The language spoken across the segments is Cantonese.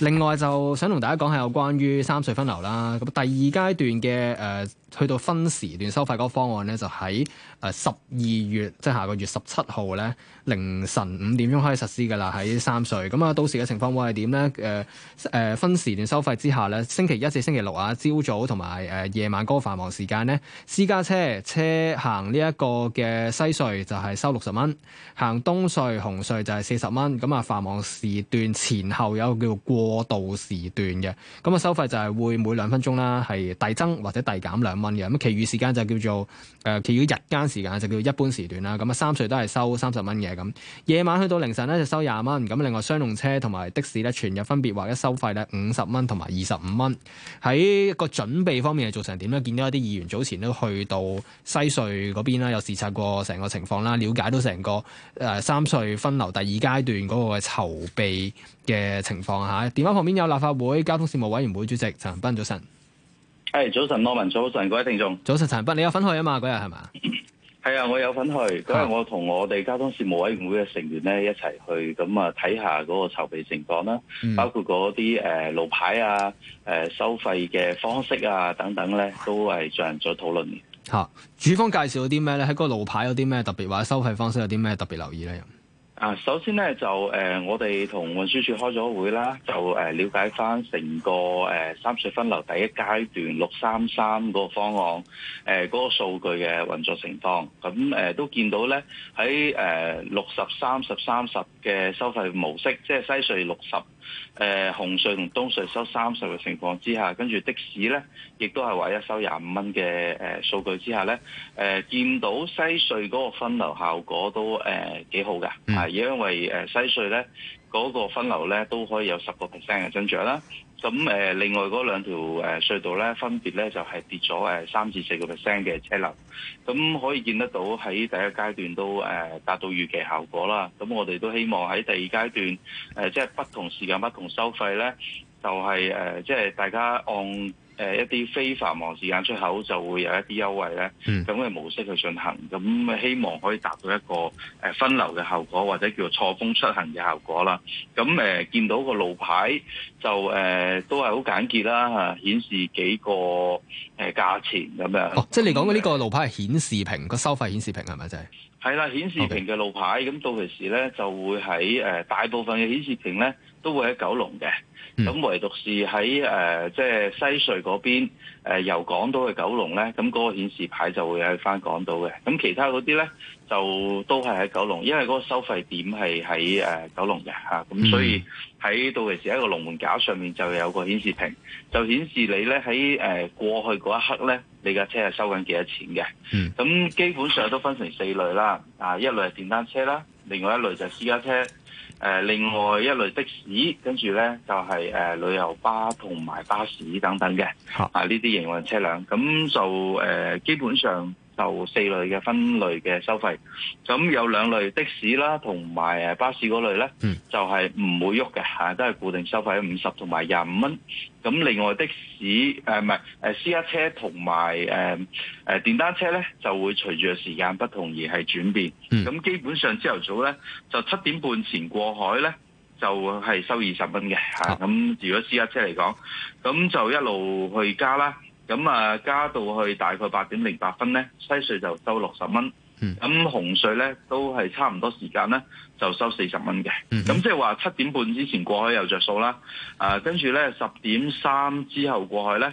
另外就想同大家講下有關於三隧分流啦，咁第二階段嘅，誒、呃、去到分時段收費個方案咧，就喺誒十二月即係、就是、下個月十七號咧凌晨五點鐘開始實施噶啦，喺三隧。咁啊到時嘅情況會係點咧？誒、呃、誒分時段收費之下咧，星期一至星期六啊，朝早同埋誒夜晚嗰個繁忙時間咧，私家車車行呢一個嘅西隧就係收六十蚊，行東隧紅隧就係四十蚊。咁啊繁忙時段前後有個叫過過渡時段嘅咁啊，收費就係會每兩分鐘啦，係遞增或者遞減兩蚊嘅。咁其餘時間就叫做誒、呃，其餘日間時間就叫一般時段啦。咁啊，三隧都係收三十蚊嘅咁。夜晚去到凌晨咧就收廿蚊。咁另外商用車同埋的士咧，全日分別或者收費咧五十蚊同埋二十五蚊。喺個準備方面係做成點咧？見到一啲議員早前都去到西隧嗰邊啦，有視察過成個情況啦，了解到成個誒三隧分流第二階段嗰個籌備嘅情況吓。電話旁邊有立法會交通事務委員會主席陳恒鑌，早晨。係、hey, 早晨，羅文，早晨，各位聽眾，早晨，陳恒鑌，你有份去啊嘛？嗰日係咪？係 啊，我有份去。嗰日我同我哋交通事務委員會嘅成員咧一齊去，咁啊睇下嗰個籌備情況啦，包括嗰啲誒路牌啊、誒、呃、收費嘅方式啊等等咧，都係進行咗討論嘅、啊。主方介紹咗啲咩咧？喺嗰個路牌有啲咩特別？或者收費方式有啲咩特別留意咧？啊，首先咧就誒、呃，我哋同運輸署開咗會啦，就誒、呃、了解翻成個誒、呃、三隧分流第一階段六三三個方案，誒、呃、嗰、那個數據嘅運作情況，咁誒、呃、都見到咧喺誒六十三十三十嘅收費模式，即係西隧六十。誒、呃、紅隧同東隧收三十嘅情況之下，跟住的士咧，亦都係話一收廿五蚊嘅誒數據之下咧，誒、呃、見到西隧嗰個分流效果都誒、呃、幾好嘅，係、嗯、因為誒西隧咧。嗰、那個分流咧都可以有十個 percent 嘅增長啦。咁誒、呃，另外嗰兩條、呃、隧道咧，分別咧就係、是、跌咗誒三至四個 percent 嘅車流。咁可以見得到喺第一階段都誒、呃、達到預期效果啦。咁我哋都希望喺第二階段誒，即、呃、係、就是、不同時間不同收費咧，就係、是、誒，即、呃、係、就是、大家按。誒、呃、一啲非繁忙時間出口就會有一啲優惠咧，咁嘅模式去進行，咁希望可以達到一個誒分流嘅效果，或者叫做錯峰出行嘅效果啦。咁誒、呃、見到個路牌就誒、呃、都係好簡潔啦、呃、顯示幾個誒、呃、價錢咁樣。哦，即係你講嘅呢個路牌係顯示屏，個、嗯、收費顯示屏係咪就係？係啦，顯示屏嘅路牌咁，到其時咧就會喺誒、呃、大部分嘅顯示屏咧都會喺九龍嘅，咁唯獨是喺誒、呃、即係西隧嗰邊誒由港島去九龍咧，咁嗰個顯示牌就會喺返港島嘅，咁其他嗰啲咧。就都係喺九龍，因為嗰個收費點係喺、呃、九龍嘅嚇咁、啊、所以喺到時喺個龍門架上面就有個顯示屏，就顯示你咧喺誒過去嗰一刻咧，你架車係收緊幾多錢嘅。嗯，咁基本上都分成四類啦，啊，一類係電單車啦，另外一類就私家車，誒、呃，另外一類的士，跟住咧就係、是、誒、呃、旅遊巴同埋巴士等等嘅。啊，呢啲營運車輛，咁就誒、呃、基本上。就四類嘅分類嘅收費，咁有兩類的士啦，同埋巴士嗰類呢，就係唔會喐嘅吓，都係固定收費五十同埋廿五蚊。咁另外的士誒，唔係私家車同埋誒電單車呢，就會隨住時間不同而係轉變。咁、嗯、基本上朝頭早呢，就七點半前過海呢，就係、是、收二十蚊嘅吓。咁如果私家車嚟講，咁就一路去加啦。咁啊，加到去大概八點零八分咧，西隧就收六十蚊。咁、嗯、紅隧咧都係差唔多時間咧，就收四十蚊嘅。咁、嗯、即係話七點半之前過去有着數啦。啊，跟住咧十點三之後過去咧，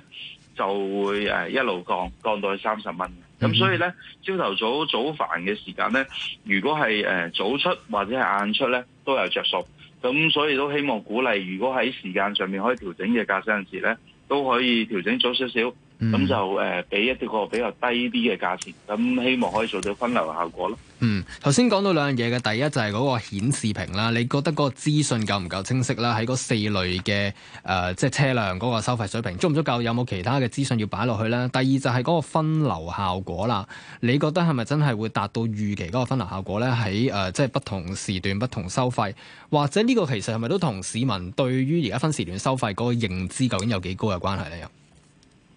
就會誒一路降降到去三十蚊。咁、嗯、所以咧，朝頭早早返嘅時間咧，如果係誒早出或者係晏出咧，都有着數。咁所以都希望鼓勵，如果喺時間上面可以調整嘅駕駛人士咧，都可以調整早少少。咁就誒，俾一啲個比較低啲嘅價錢，咁希望可以做到分流效果咯。嗯，頭先講到兩樣嘢嘅，第一就係嗰個顯示屏啦，你覺得嗰個資訊夠唔夠清晰啦？喺嗰四類嘅誒，即係車輛嗰個收費水平足唔足夠？有冇其他嘅資訊要擺落去啦？第二就係嗰個分流效果啦，你覺得係咪真係會達到預期嗰個分流效果咧？喺誒，即係不同時段不同收費，或者呢個其實係咪都同市民對於而家分時段收費嗰個認知究竟有幾高嘅關係咧？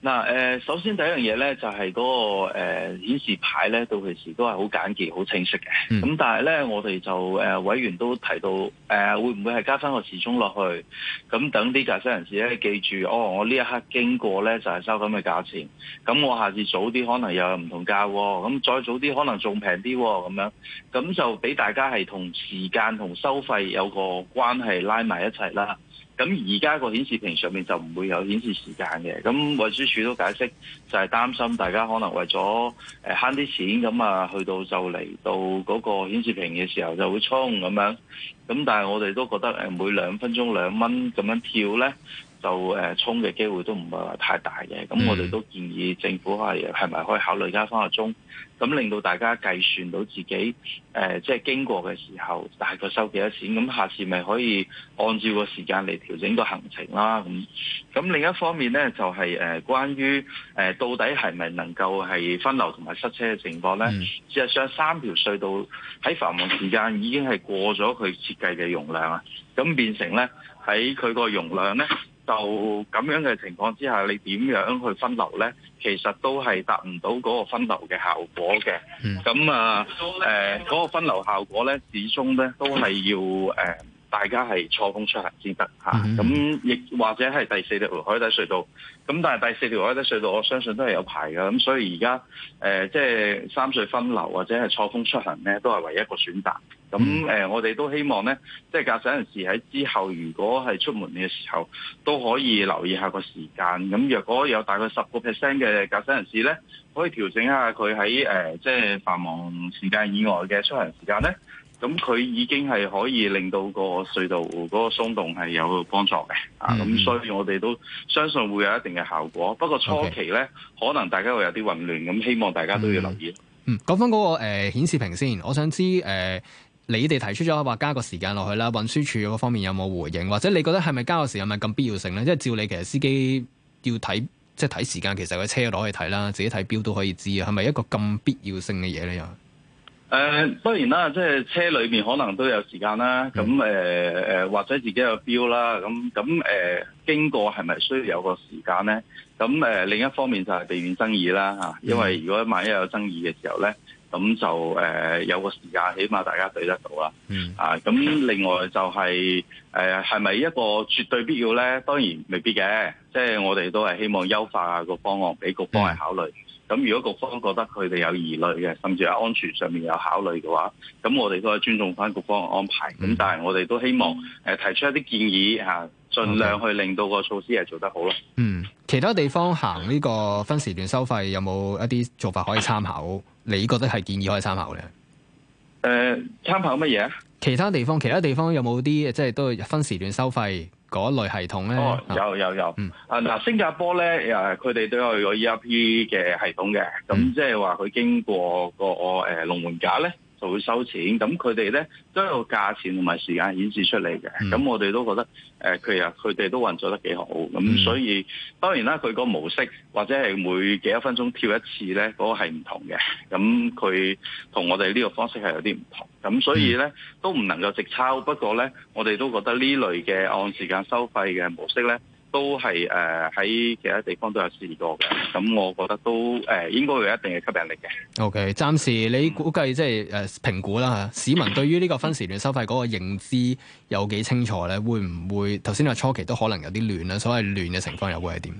嗱，誒，首先第一樣嘢咧、那個，就係嗰個誒顯示牌咧，到時都係好簡潔、好清晰嘅。咁、嗯、但係咧，我哋就誒、呃、委員都提到，誒、呃、會唔會係加翻個時鐘落去？咁等啲駕駛人士咧，記住，哦、我我呢一刻經過咧就係、是、收緊嘅價錢。咁我下次早啲可能又有唔同價喎。咁再早啲可能仲平啲喎。咁樣，咁就俾大家係同時間同收費有個關係拉埋一齊啦。咁而家個顯示屏上面就唔會有顯示時間嘅，咁運輸署都解釋就係擔心大家可能為咗誒慳啲錢，咁啊去到就嚟到嗰個顯示屏嘅時候就會衝咁樣，咁但係我哋都覺得每兩分鐘兩蚊咁樣跳呢。就誒衝嘅、呃、機會都唔會話太大嘅，咁我哋都建議政府係係咪可以考慮加返個鐘，咁令到大家計算到自己、呃、即係經過嘅時候大概收幾多錢，咁下次咪可以按照個時間嚟調整個行程啦。咁咁另一方面咧，就係、是、誒、呃、關於、呃、到底係咪能夠係分流同埋塞車嘅情況咧？嗯、事實上三條隧道喺繁忙時間已經係過咗佢設計嘅容量啊，咁變成咧喺佢個容量咧。就咁樣嘅情況之下，你點樣去分流呢？其實都係達唔到嗰個分流嘅效果嘅。咁、嗯、啊，嗰、呃嗰個分流效果呢，始終呢都係要、呃大家係錯峰出行先得嚇，咁，mm-hmm，亦或者係第四條海底隧道。咁但係第四條海底隧道，我相信都係有排㗎。咁所以而家誒，即係三隧分流或者係錯峰出行咧，都係唯一一個選擇。咁誒、呃，我哋都希望咧，即係駕駛人士喺之後，如果係出門嘅時候，都可以留意下個時間。咁若果有大概十個 percent 嘅駕駛人士咧，可以調整下佢喺誒即係繁忙時間以外嘅出行時間咧。咁佢已經係可以令到個隧道嗰個鬆動係係有幫助嘅、嗯，啊咁所以我哋都相信會有一定嘅效果。不過初期咧，okay. 可能大家會有啲混亂，咁希望大家都要留意。嗯，講翻嗰個誒、呃、顯示屏先，我想知誒、呃、你哋提出咗話加個時間落去啦，運輸署嗰方面有冇回應，或者你覺得係咪加個時間係咪咁必要性咧？即、就、係、是、照你其實司機要睇即係睇時間其實個車攞去睇啦，自己睇表都可以知啊，係咪一個咁必要性嘅嘢咧又？誒、uh, 當然啦，即係車裏面可能都有時間啦，咁誒、呃、或者自己有錶啦，咁咁、呃、經過係咪需要有個時間咧？咁、呃、另一方面就係避免爭議啦嚇，因為如果萬一有爭議嘅時候咧。咁就誒、呃、有個時間，起碼大家對得到啦。啊，咁另外就係誒，係咪一個絕對必要咧？當然未必嘅，即係我哋都係希望優化個方案俾局方去考慮。咁、嗯、如果局方覺得佢哋有疑慮嘅，甚至係安全上面有考慮嘅話，咁我哋都係尊重翻局方嘅安排。咁、嗯、但係我哋都希望誒提出一啲建議、啊盡量去令到個措施係做得好咯。Okay. 嗯，其他地方行呢個分時段收費有冇一啲做法可以參考？你覺得係建議可以參考嘅？誒、呃，參考乜嘢啊？其他地方，其他地方有冇啲即係都係分時段收費嗰類系統咧、哦？有有有。嗯嗱、啊，新加坡咧，誒，佢哋都有個 ERP 嘅系統嘅。咁即係話佢經過個誒、呃、龍門架咧。就會收錢，咁佢哋咧都有價錢同埋時間顯示出嚟嘅，咁、嗯、我哋都覺得誒，其實佢哋都運作得幾好，咁所以、嗯、當然啦，佢個模式或者係每幾多分鐘跳一次咧，嗰、那個係唔同嘅，咁佢同我哋呢個方式係有啲唔同，咁所以咧都唔能夠直抄，不過咧我哋都覺得呢類嘅按時間收費嘅模式咧，都係誒喺其他地方都有試過嘅，咁我覺得都誒、呃、應該會有一定嘅吸引力嘅。OK，暫時你估計即係誒評估啦吓，市民對於呢個分時段收費嗰個認知有幾清楚咧？會唔會頭先話初期都可能有啲亂啦？所謂亂嘅情況又會係點？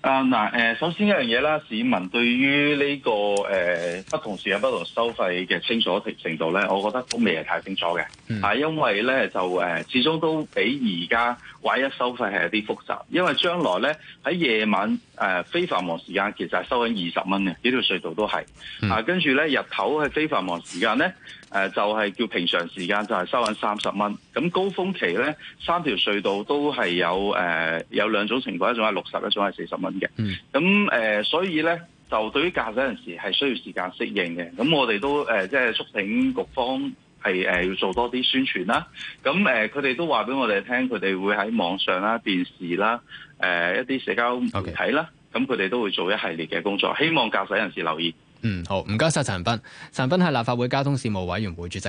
啊嗱誒、呃，首先一樣嘢啦，市民對於呢、這個誒、呃、不同時間不同收費嘅清楚程度咧，我覺得都未係太清楚嘅。啊、嗯，因為咧就誒、呃，始終都比而家。唯一收費係有啲複雜，因為將來咧喺夜晚誒、呃、非繁忙時間，其實係收緊二十蚊嘅，幾條隧道都係、嗯。啊，跟住咧日頭係非繁忙時間咧，誒、呃、就係、是、叫平常時間就係收緊三十蚊。咁高峰期咧，三條隧道都係有誒、呃、有兩種情況，一種係六十，一種係四十蚊嘅。咁、嗯、誒、呃，所以咧就對於駕駛人士係需要時間適應嘅。咁我哋都誒、呃、即係促請局方。係誒要做多啲宣傳啦，咁誒佢哋都話俾我哋聽，佢哋會喺網上啦、電視啦、誒、呃、一啲社交媒體啦，咁佢哋都會做一系列嘅工作，希望駕駛人士留意。嗯，好，唔該晒陳恒鑌。陳恒鑌係立法會交通事務委員會主席。